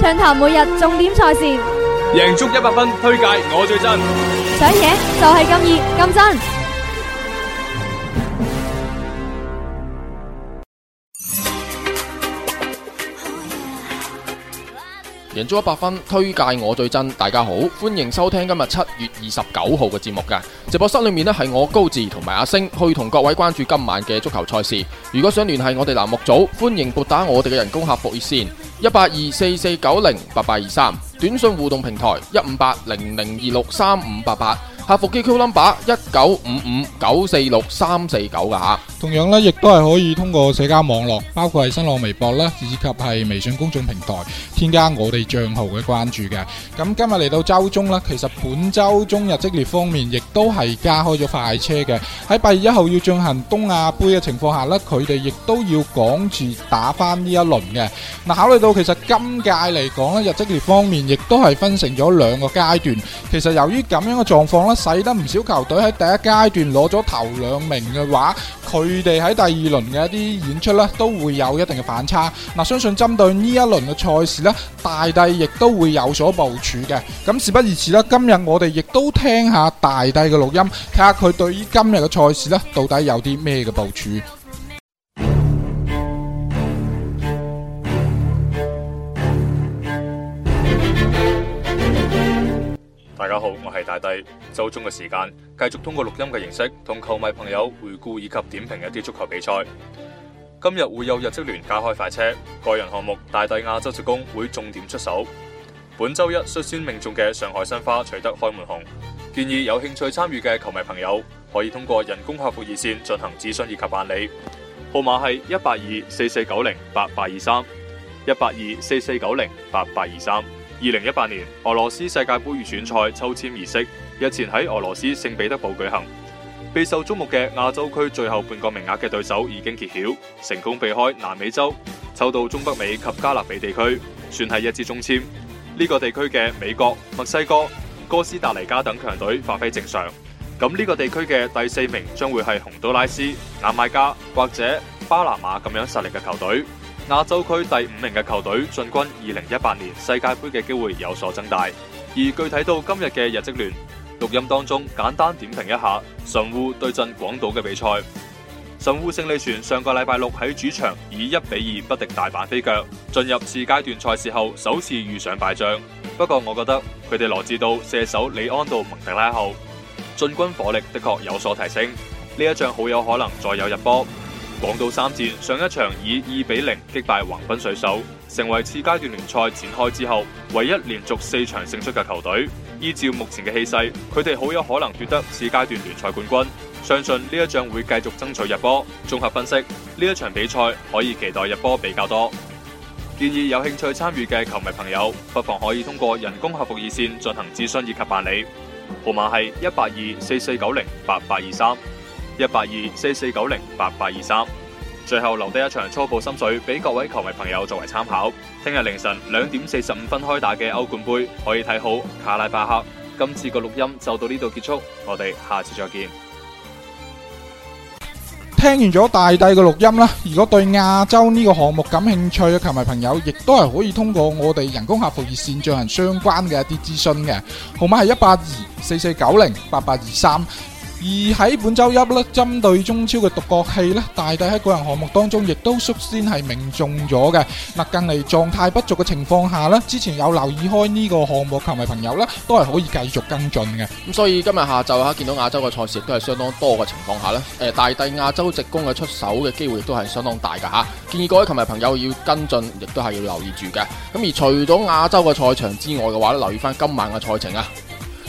暢談每日重點賽事，贏足一百分推介，我最真，想贏就係咁易咁真。贏足一百 FUN，推介我最真。大家好，歡迎收聽今日七月二十九號嘅節目嘅。直播室裏面呢，係我高志同埋阿星去同各位關注今晚嘅足球賽事。如果想聯繫我哋欄目組，歡迎撥打我哋嘅人工客服熱線一八二四四九零八八二三，23, 短信互動平台一五八零零二六三五八八。客服 QQ number 一九五五九四六三四九嘅吓，啊、同樣咧亦都係可以通過社交網絡，包括係新浪微博啦，以及係微信公眾平台，添加我哋賬號嘅關注嘅。咁今日嚟到周中啦，其實本周中日職聯方，方面亦都係加開咗快車嘅。喺八月一號要進行東亞杯嘅情況下咧，佢哋亦都要趕住打翻呢一輪嘅。嗱，考慮到其實今屆嚟講咧，日職聯方面亦都係分成咗兩個階段。其實由於咁樣嘅狀況咧。使得唔少球隊喺第一階段攞咗頭兩名嘅話，佢哋喺第二輪嘅一啲演出咧都會有一定嘅反差。嗱、啊，相信針對呢一輪嘅賽事咧，大帝亦都會有所部署嘅。咁事不宜遲啦，今日我哋亦都聽下大帝嘅錄音，睇下佢對於今日嘅賽事咧到底有啲咩嘅部署。好，我係大帝，周中嘅時間繼續通過錄音嘅形式同球迷朋友回顧以及點評一啲足球比賽。今日會有日職聯加開快車，個人項目大帝亞洲助攻會重點出手。本周一率先命中嘅上海申花取得開門紅，建議有興趣參與嘅球迷朋友可以通過人工客服熱線進行諮詢以及辦理，號碼係一八二四四九零八八二三一八二四四九零八八二三。二零一八年俄羅斯世界杯預選賽抽籤儀式日前喺俄羅斯聖彼得堡舉行，備受矚目嘅亞洲區最後半個名額嘅對手已經揭曉，成功避開南美洲，抽到中北美及加勒比地區，算係一支中簽。呢、這個地區嘅美國、墨西哥、哥斯達黎加等強隊發揮正常，咁呢個地區嘅第四名將會係洪都拉斯、牙買加或者巴拿馬咁樣實力嘅球隊。亞洲區第五名嘅球隊進軍二零一八年世界杯嘅機會有所增大。而具體到今日嘅日職聯錄音當中，簡單點評一下神戶對陣廣島嘅比賽。神戶勝利船上個禮拜六喺主場以一比二不敵大阪飛腳，進入次階段賽事後首次遇上敗仗。不過我覺得佢哋羅致到射手李安道、蒙特拉後，進軍火力的確有所提升。呢一仗好有可能再有入波。廣島三戰上一場以二比零擊敗橫濱水手，成為次階段聯賽展開之後唯一連續四場勝出嘅球隊。依照目前嘅氣勢，佢哋好有可能奪得次階段聯賽冠軍。相信呢一仗會繼續爭取入波。綜合分析，呢一場比賽可以期待入波比較多。建議有興趣參與嘅球迷朋友，不妨可以通過人工客服熱線進行諮詢以及辦理，號碼係一八二四四九零八八二三。一八二四四九零八八二三，最後留低一場初步心水俾各位球迷朋友作為參考。聽日凌晨兩點四十五分開打嘅歐冠盃，可以睇好卡拉巴克。今次嘅錄音就到呢度結束，我哋下次再見。聽完咗大帝嘅錄音啦，如果對亞洲呢個項目感興趣嘅球迷朋友，亦都係可以通過我哋人工客服熱線進行相關嘅一啲諮詢嘅，號碼係一八二四四九零八八二三。而喺本周一咧，針對中超嘅獨角戲咧，大帝喺個人項目當中亦都率先係命中咗嘅。嗱，近嚟狀態不俗嘅情況下咧，之前有留意開呢個項目，球迷朋友咧都係可以繼續跟進嘅。咁所以今日下晝吓見到亞洲嘅賽事都係相當多嘅情況下咧，誒，大帝亞洲直攻嘅出手嘅機會亦都係相當大嘅吓。建議各位球迷朋友要跟進，亦都係要留意住嘅。咁而除咗亞洲嘅賽場之外嘅話咧，留意翻今晚嘅賽程啊。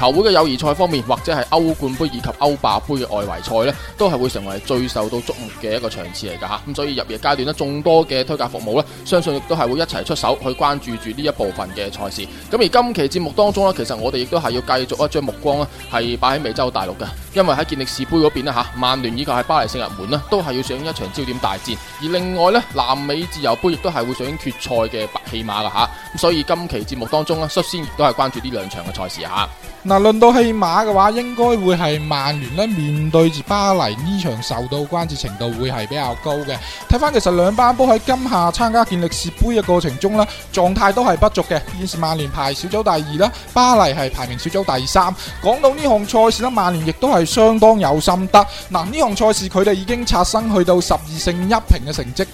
球會嘅友誼賽方面，或者係歐冠杯以及歐霸杯嘅外圍賽呢，都係會成為最受到矚目嘅一個場次嚟㗎嚇。咁所以入夜階段呢，眾多嘅推介服務呢，相信亦都係會一齊出手去關注住呢一部分嘅賽事。咁而今期節目當中呢，其實我哋亦都係要繼續啊，將目光呢，係擺喺美洲大陸嘅，因為喺健力士杯嗰邊呢嚇，曼聯以及係巴黎聖日門呢，都係要上演一場焦點大戰。而另外呢，南美自由杯亦都係會上演決賽嘅白戲碼㗎嚇。咁所以今期節目當中呢，率先亦都係關注呢兩場嘅賽事嚇。嗱，論到戲碼嘅話，應該會係曼聯咧面，面對住巴黎呢場受到關注程度會係比較高嘅。睇翻其實兩班波喺今夏參加健力士杯嘅過程中呢，狀態都係不俗嘅。現時曼聯排小組第二啦，巴黎係排名小組第三。講到呢項賽事咧，曼聯亦都係相當有心得。嗱，呢項賽事佢哋已經刷新去到十二勝一平嘅成績。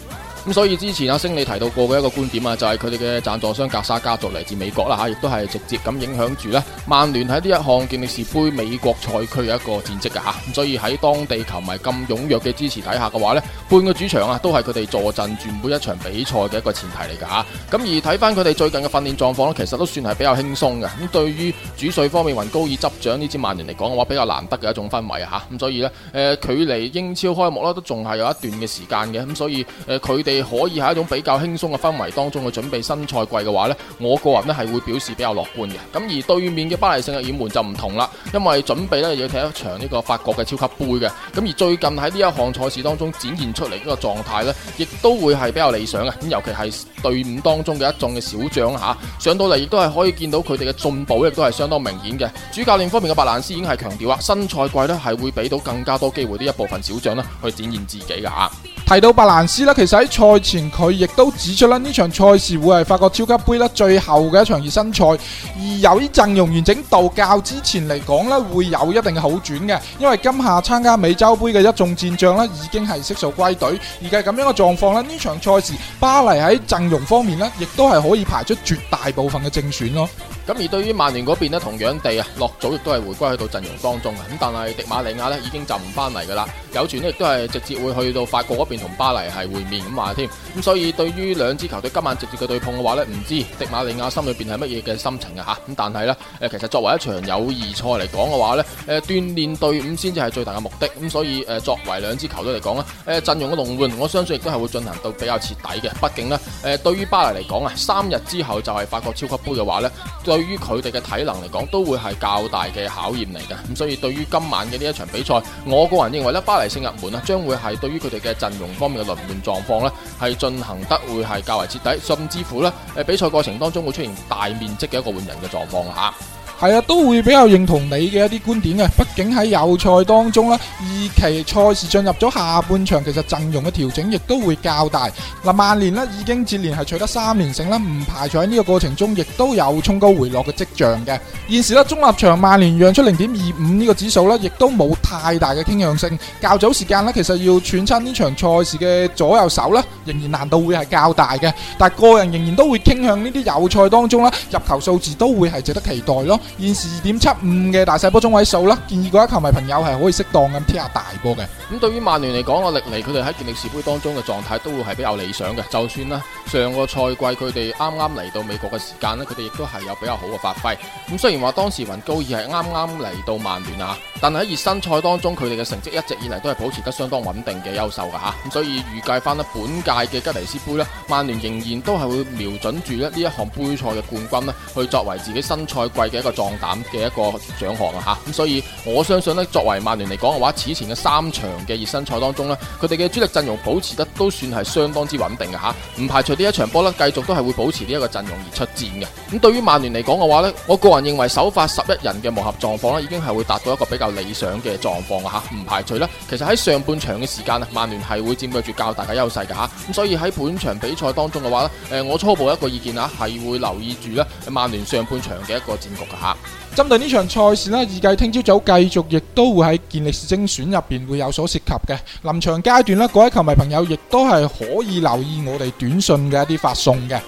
咁、嗯、所以之前阿、啊、星你提到過嘅一個觀點啊，就係佢哋嘅贊助商格沙家族嚟自美國啦、啊、吓，亦都係直接咁影響住咧曼聯喺呢一項健力士杯美國賽區嘅一個戰績噶吓。咁、嗯、所以喺當地球迷咁踴躍嘅支持底下嘅話咧，半個主場啊都係佢哋坐鎮住每一場比賽嘅一個前提嚟噶吓。咁、啊、而睇翻佢哋最近嘅訓練狀況咧，其實都算係比較輕鬆嘅。咁、嗯、對於主帥方面，雲高爾執掌呢支曼聯嚟講嘅話，比較難得嘅一種氛圍吓、啊。咁、嗯、所以咧，誒、呃，距離英超開幕啦，都仲係有一段嘅時間嘅。咁、嗯、所以誒，佢、呃、哋可以喺一種比較輕鬆嘅氛圍當中去準備新賽季嘅話呢，我個人呢係會表示比較樂觀嘅。咁而對面嘅巴黎聖日耳門就唔同啦，因為準備呢要睇一場呢個法國嘅超級杯嘅。咁而最近喺呢一項賽事當中展現出嚟嗰個狀態呢，亦都會係比較理想嘅。咁尤其係隊伍當中嘅一眾嘅小將吓，上到嚟亦都係可以見到佢哋嘅進步亦都係相當明顯嘅。主教練方面嘅白蘭斯已經係強調啊，新賽季呢係會俾到更加多機會呢一部分小將呢去展現自己噶。提到白蘭斯呢，其實喺賽賽前佢亦都指出啦，呢場賽事會係法國超級盃啦，最後嘅一場熱身賽，而由於陣容完整度較之前嚟講呢會有一定嘅好轉嘅。因為今夏參加美洲盃嘅一眾戰將呢已經係悉數歸隊，而係咁樣嘅狀況呢，呢場賽事巴黎喺陣容方面呢，亦都係可以排出絕大部分嘅正選咯。咁而對於曼聯嗰邊咧，同樣地啊，落組亦都係回歸去到陣容當中啊。咁但係迪馬利亞咧已經就唔翻嚟噶啦，有傳咧亦都係直接會去到法國嗰邊同巴黎係會面咁話添。咁所以對於兩支球隊今晚直接嘅對碰嘅話咧，唔知迪馬利亞心裏邊係乜嘢嘅心情啊吓，咁但係咧，誒其實作為一場友誼賽嚟講嘅話咧，誒鍛煉隊伍先至係最大嘅目的。咁所以誒作為兩支球隊嚟講咧，誒陣容嘅輪換我相信亦都係會進行到比較徹底嘅。畢竟咧，誒對於巴黎嚟講啊，三日之後就係法國超級杯嘅話咧。對於佢哋嘅體能嚟講，都會係較大嘅考驗嚟嘅。咁所以，對於今晚嘅呢一場比賽，我個人認為咧，巴黎聖日門咧，將會係對於佢哋嘅陣容方面嘅輪換狀況咧，係進行得會係較為徹底，甚至乎咧，誒比賽過程當中會出現大面積嘅一個換人嘅狀況吓。係啊，都會比較認同你嘅一啲觀點嘅。畢竟喺有賽當中呢，二期賽事進入咗下半場，其實陣容嘅調整亦都會較大。嗱，曼聯呢已經接連係取得三連勝啦，唔排除喺呢個過程中亦都有衝高回落嘅跡象嘅。現時呢，中立場曼聯讓出零點二五呢個指數呢，亦都冇太大嘅傾向性。較早時間呢，其實要串親呢場賽事嘅左右手呢，仍然難度會係較大嘅。但係個人仍然都會傾向呢啲有賽當中呢，入球數字都會係值得期待咯。現時二點七五嘅大細波中位數啦，建議各位球迷朋友係可以適當咁踢下大波嘅。咁、嗯、對於曼聯嚟講，我歷嚟佢哋喺健力士杯當中嘅狀態都會係比較理想嘅。就算咧上個賽季佢哋啱啱嚟到美國嘅時間咧，佢哋亦都係有比較好嘅發揮。咁、嗯、雖然話當時雲高爾係啱啱嚟到曼聯啊，但係喺熱身賽當中佢哋嘅成績一直以嚟都係保持得相當穩定嘅優秀噶吓。咁、啊、所以預計翻咧本屆嘅吉尼斯杯咧，曼聯仍然都係會瞄準住呢一項杯賽嘅冠軍咧，去作為自己新賽季嘅一個。壯膽嘅一個獎項啊，吓咁，所以我相信呢，作為曼聯嚟講嘅話，此前嘅三場嘅熱身賽當中呢，佢哋嘅主力陣容保持得都算係相當之穩定嘅吓，唔、啊、排除呢一場波呢，繼續都係會保持呢一個陣容而出戰嘅。咁、啊、對於曼聯嚟講嘅話呢，我個人認為首發十一人嘅磨合狀況呢，已經係會達到一個比較理想嘅狀況吓，唔排除呢，其實喺上半場嘅時間呢，曼聯係會佔據住較大嘅優勢噶吓，咁、啊、所以喺本場比賽當中嘅話呢，誒、呃，我初步一個意見啊，係會留意住呢曼聯上半場嘅一個戰局噶。啊針對呢場賽事呢，預計聽朝早繼續亦都會喺建力士精選入邊會有所涉及嘅，臨場階段呢，各位球迷朋友亦都係可以留意我哋短信嘅一啲發送嘅。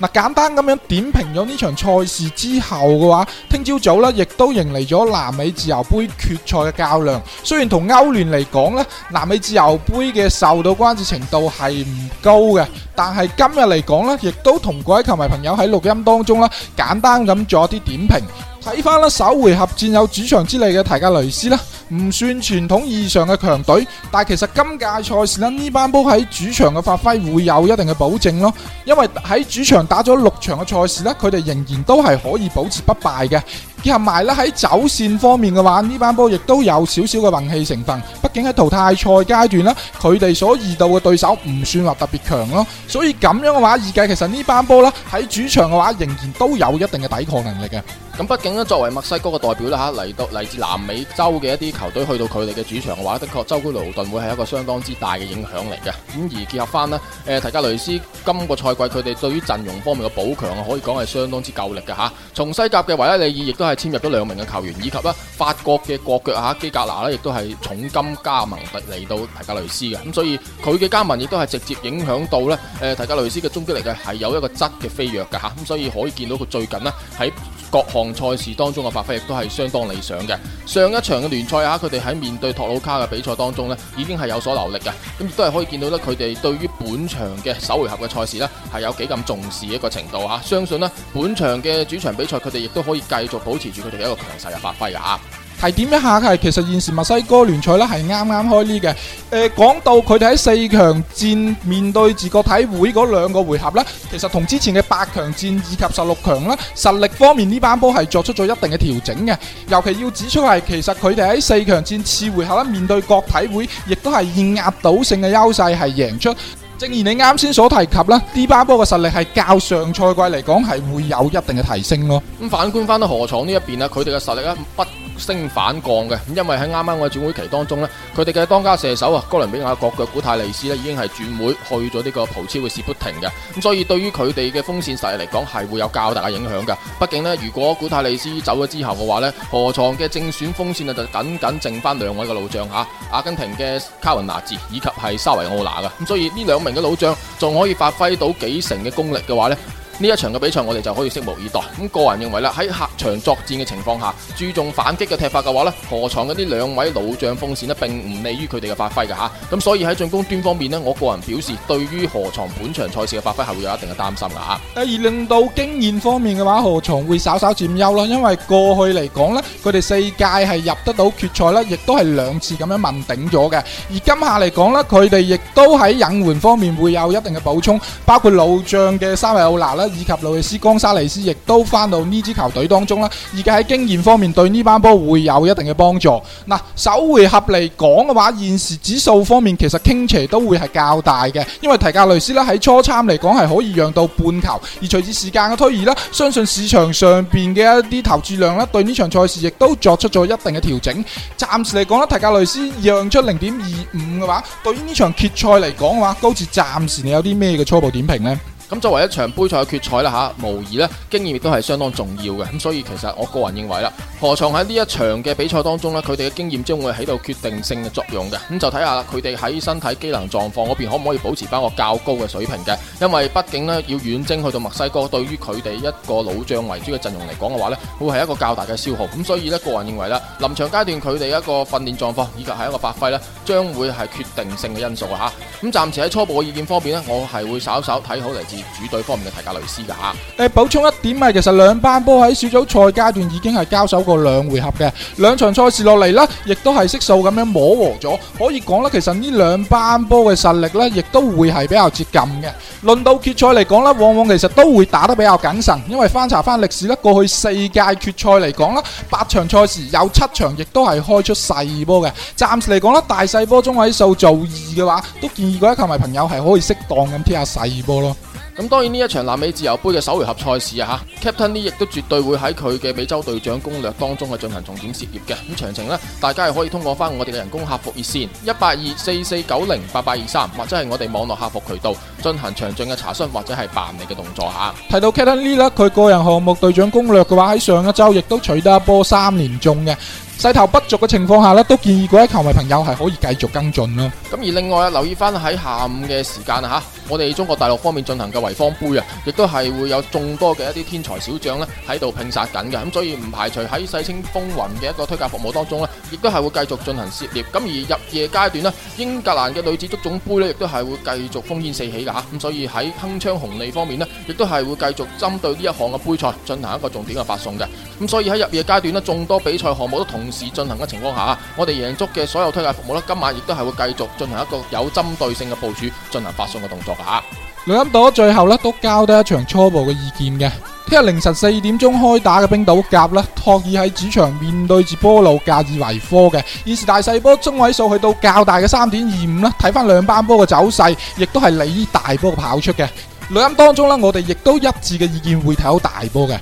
嗱，簡單咁樣點評咗呢場賽事之後嘅話，聽朝早咧亦都迎嚟咗南美自由杯決賽嘅較量。雖然同歐聯嚟講咧，南美自由杯嘅受到關注程度係唔高嘅，但係今日嚟講咧，亦都同各位球迷朋友喺錄音當中啦，簡單咁做一啲點評。睇翻啦，首回合戰有主場之利嘅提加雷斯啦。唔算傳統意義上嘅強隊，但係其實今屆賽事呢，呢班波喺主場嘅發揮會有一定嘅保證咯，因為喺主場打咗六場嘅賽事呢，佢哋仍然都係可以保持不敗嘅。結合埋咧喺走線方面嘅話，呢班波亦都有少少嘅運氣成分。畢竟喺淘汰賽階段啦，佢哋所遇到嘅對手唔算話特別強咯。所以咁樣嘅話，意計其實呢班波啦喺主場嘅話，仍然都有一定嘅抵抗能力嘅。咁畢竟咧，作為墨西哥嘅代表啦，嚟到嚟自南美洲嘅一啲球隊去到佢哋嘅主場嘅話，的確舟車勞頓會係一個相當之大嘅影響嚟嘅。咁而結合翻呢，誒、呃，提加雷斯今個賽季佢哋對於陣容方面嘅補強可以講係相當之夠力嘅吓。從西甲嘅維拉利爾亦都係。係簽入咗兩名嘅球員，以及咧法國嘅國腳哈基格拿咧，亦都係重金加盟嚟到提加雷斯嘅，咁所以佢嘅加盟亦都係直接影響到咧，誒、呃、提加雷斯嘅衝擊力嘅係有一個質嘅飛躍㗎吓，咁所以可以見到佢最近咧喺。各項賽事當中嘅發揮亦都係相當理想嘅。上一場嘅聯賽啊，佢哋喺面對托魯卡嘅比賽當中咧，已經係有所留力嘅。咁亦都係可以見到咧，佢哋對於本場嘅首回合嘅賽事咧，係有幾咁重視一個程度吓。相信咧，本場嘅主場比賽，佢哋亦都可以繼續保持住佢哋嘅一個強勢嘅發揮噶。提點一下係，其實現時墨西哥聯賽呢係啱啱開呢嘅。誒、呃，講到佢哋喺四強戰面對自國體會嗰兩個回合呢，其實同之前嘅八強戰以及十六強啦，實力方面呢班波係作出咗一定嘅調整嘅。尤其要指出係，其實佢哋喺四強戰次回合咧面對國體會，亦都係以壓倒性嘅優勢係贏出。正如你啱先所提及啦，呢班波嘅實力係較上賽季嚟講係會有一定嘅提升咯。咁反觀翻到河廠呢一邊啊，佢哋嘅實力咧不。升反降嘅，因為喺啱啱嘅轉會期當中呢，佢哋嘅當家射手啊，哥倫比亞國腳古泰利斯呢，已經係轉會去咗呢個葡超嘅士砵亭嘅，咁所以對於佢哋嘅鋒線實力嚟講係會有較大嘅影響嘅。畢竟呢，如果古泰利斯走咗之後嘅話呢，何創嘅正選鋒線啊就僅僅剩翻兩位嘅老將嚇，阿根廷嘅卡文拿治以及係沙維奧拿嘅，咁所以呢兩名嘅老將仲可以發揮到幾成嘅功力嘅話呢？呢一場嘅比賽，我哋就可以拭目以待。咁個人認為啦，喺客場作戰嘅情況下，注重反擊嘅踢法嘅話呢，河床嗰啲兩位老將鋒線呢並唔利於佢哋嘅發揮㗎。嚇。咁所以喺進攻端方面呢，我個人表示對於河床本場賽事嘅發揮係會有一定嘅擔心㗎。嚇。而令到經驗方面嘅話，河床會稍稍佔優咯，因為過去嚟講呢，佢哋四屆係入得到決賽啦，亦都係兩次咁樣問鼎咗嘅。而今夏嚟講呢，佢哋亦都喺引援方面會有一定嘅補充，包括老將嘅沙維奧拿以及路易斯江沙利斯亦都翻到呢支球隊當中啦，而家喺經驗方面對呢班波會有一定嘅幫助。嗱、啊，首回合嚟講嘅話，現時指數方面其實傾斜都會係較大嘅，因為提格雷斯咧喺初參嚟講係可以讓到半球，而隨住時間嘅推移啦，相信市場上邊嘅一啲投注量咧對呢場賽事亦都作出咗一定嘅調整。暫時嚟講咧，提格雷斯讓出零點二五嘅話，對於呢場決賽嚟講嘅話，高志，暫時你有啲咩嘅初步點評咧？咁作為一場杯賽嘅決賽啦嚇，無疑呢經驗亦都係相當重要嘅。咁所以其實我個人認為啦，何從喺呢一場嘅比賽當中呢，佢哋嘅經驗將會起到決定性嘅作用嘅。咁就睇下佢哋喺身體機能狀況嗰邊可唔可以保持翻個較高嘅水平嘅。因為畢竟呢，要遠征去到墨西哥，對於佢哋一個老將為主嘅陣容嚟講嘅話呢，會係一個較大嘅消耗。咁所以呢，個人認為啦，臨場階段佢哋一個訓練狀況以及係一個發揮呢，將會係決定性嘅因素嚇。咁暫時喺初步嘅意見方面呢，我係會稍稍睇好嚟自主隊方面嘅提價雷斯噶吓，啊，誒、呃，補充一點啊，其實兩班波喺小組賽階段已經係交手過兩回合嘅，兩場賽事落嚟呢，亦都係悉數咁樣磨和咗，可以講呢，其實呢兩班波嘅實力呢，亦都會係比較接近嘅。論到決賽嚟講呢，往往其實都會打得比較謹慎，因為翻查翻歷史呢，過去四屆決賽嚟講啦，八場賽事有七場亦都係開出細波嘅。暫時嚟講啦，大細波中位數做二嘅話，都建議各位球迷朋友係可以適當咁踢下細波咯。咁當然呢一場南美自由杯嘅首回合賽事啊，哈，Captain Lee 亦都絕對會喺佢嘅美洲隊長攻略當中去進行重點涉獵嘅。咁詳情呢，大家係可以通過翻我哋嘅人工客服熱線一八二四四九零八八二三，23, 或者係我哋網絡客服渠道進行詳盡嘅查詢或者係辦理嘅動作嚇。提到 Captain Lee 咧，佢個人項目隊長攻略嘅話，喺上一周亦都取得一波三連中嘅。勢頭不俗嘅情況下咧，都建議各位球迷朋友係可以繼續跟進咯。咁而另外啊，留意翻喺下午嘅時間吓，我哋中國大陸方面進行嘅濰坊杯啊，亦都係會有眾多嘅一啲天才小將咧喺度拼殺緊嘅。咁所以唔排除喺世青風雲嘅一個推介服務當中咧，亦都係會繼續進行涉獵。咁而入夜階段咧，英格蘭嘅女子足總杯呢，亦都係會繼續烽煙四起嘅吓。咁所以喺鏗鏘紅利方面咧，亦都係會繼續針對呢一項嘅杯賽進行一個重點嘅發送嘅。咁所以喺入夜階段咧，眾多比賽項目都同。市進行嘅情況下，我哋贏足嘅所有推介服務咧，今晚亦都係會繼續進行一個有針對性嘅部署，進行發送嘅動作噶吓。錄音到咗最後咧，都交得一場初步嘅意見嘅。聽日凌晨四點鐘開打嘅冰島甲咧，托爾喺主場面對住波路加爾維科嘅，現時大細波中位數去到較大嘅三點二五啦。睇翻兩班波嘅走勢，亦都係利於大波跑出嘅。錄音當中咧，我哋亦都一致嘅意見會睇好大波嘅。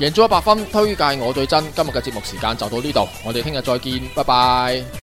贏足 100FUN，推介我最真。今日嘅節目時間就到呢度，我哋聽日再見，拜拜。